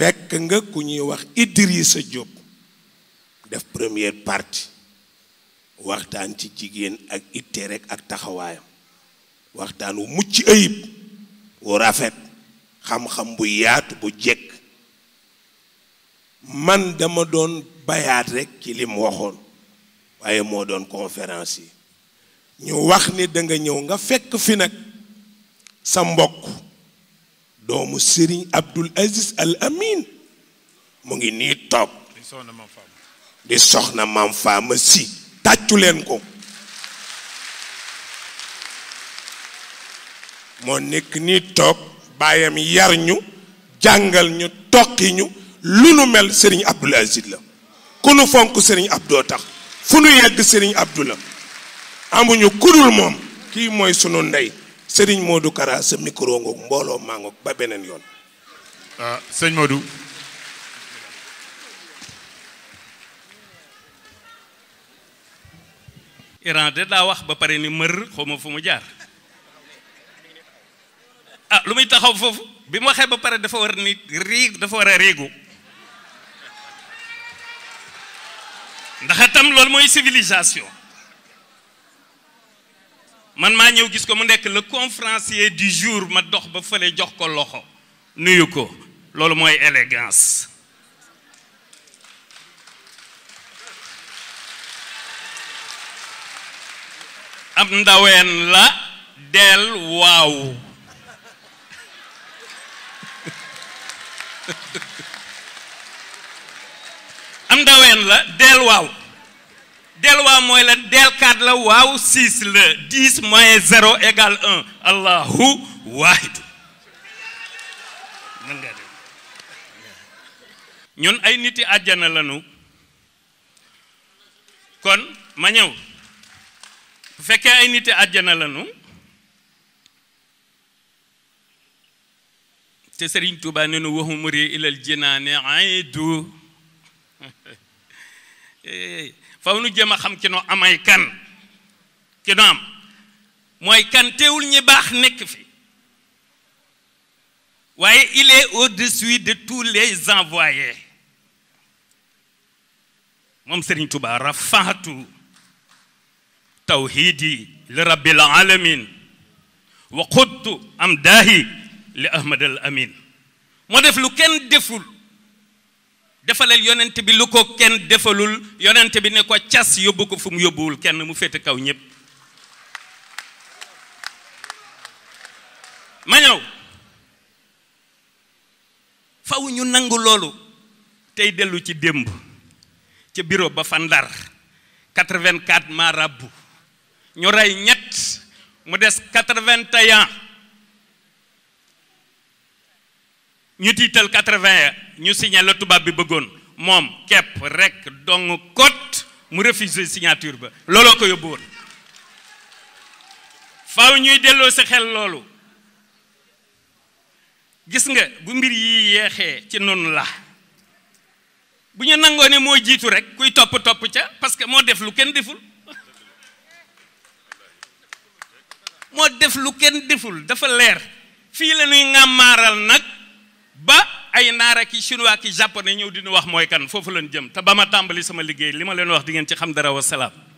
fekk nga ku ñuy wax sa Diop def première partie waxtaan ci jigéen ak ittee rekk ak taxawaayam waxtaan wu mucc ayib wu rafet xam-xam bu yaatu bu jekk man dama doon bayaat rekk ci lim waxoon waaye moo doon conférence yi ñu wax ni danga ñëw nga fekk fi nag sa mbokk doomu Serigne Abdul Aziz Al Amin mu ngi nii toog di soxna maam faama si tàccu ko moo nekk nii toog baayam yar ñu jàngal ñu toqi ñu lu nu mel Serigne Abdul Aziz la ku nu fonk Serigne Abdoo tax fu nu yegg Serigne Abdou la amuñu kudul moom kii mooy sunu ndey Serigne Modou Kara sa micro ngoog mbooloo maa ba beneen yoon. ah sëñ Modou. Iran de daa wax ba pare ni mër xaw fu mu jaar. ah lu muy taxaw foofu bi mu waxee ba pare dafa war ni rii dafa war a riigu ndax itam loolu mooy civilisation. man maa ñëw gis ko mu nekk la conférencier du jour ma dox ba fële jox ko loxo nuyu ko loolu mooy élégance ab ndaween la del am ndaween la del waaw del waa mooy la del 4 la waaw 6 la 10 moins 0 égale 1 allahu waahid mën ay nit yi àjjana kon ma ñëw bu fekkee ay nit yi àjjana lañu te Sëriñ Tuubaa nee nu waxu muri ilal jinaane aydu Eh, faw nu jëm a xam ki no amay kan ki am mooy kan teewul ñi nekk fi waaye il est de dessus de tous les envoyés moom Serigne Touba rafaatu tawhidi li rabbil alamin wa xudtu am daahi li ahmad al moo def lu kenn deful defalal yonent bi lu ko kenn defalul yonent bi ne ko cas yóbbu ko fu mu yóbbuwul kenn mu féete kaw ñépp ma ñëw faw ñu nangu loolu tey dellu ci démb ca buro ba fa Ndar 84 marabu ñu rey ñett mu des 81 ñu tiital quatre 80 ñu signé la tubaab bi bëggoon moom kepp rekk dong kot mu refusé signature ba looloo ko yóbbu woon faaw ñuy delloo sa xel loolu gis nga bu mbir yi yéexee ci noonu la bu ñu nangoo ne moo jiitu rek kuy topp topp ca parce que moo def lu kenn deful moo def lu kenn deful dafa leer fii la ngàmmaaral nag ay naara ki chinois ki japonais ñëw di ñu wax mooy kan foofu lañ jëm te ba ma tàmbali sama liggéey li ma leen wax di ngeen ci xam dara wa salaam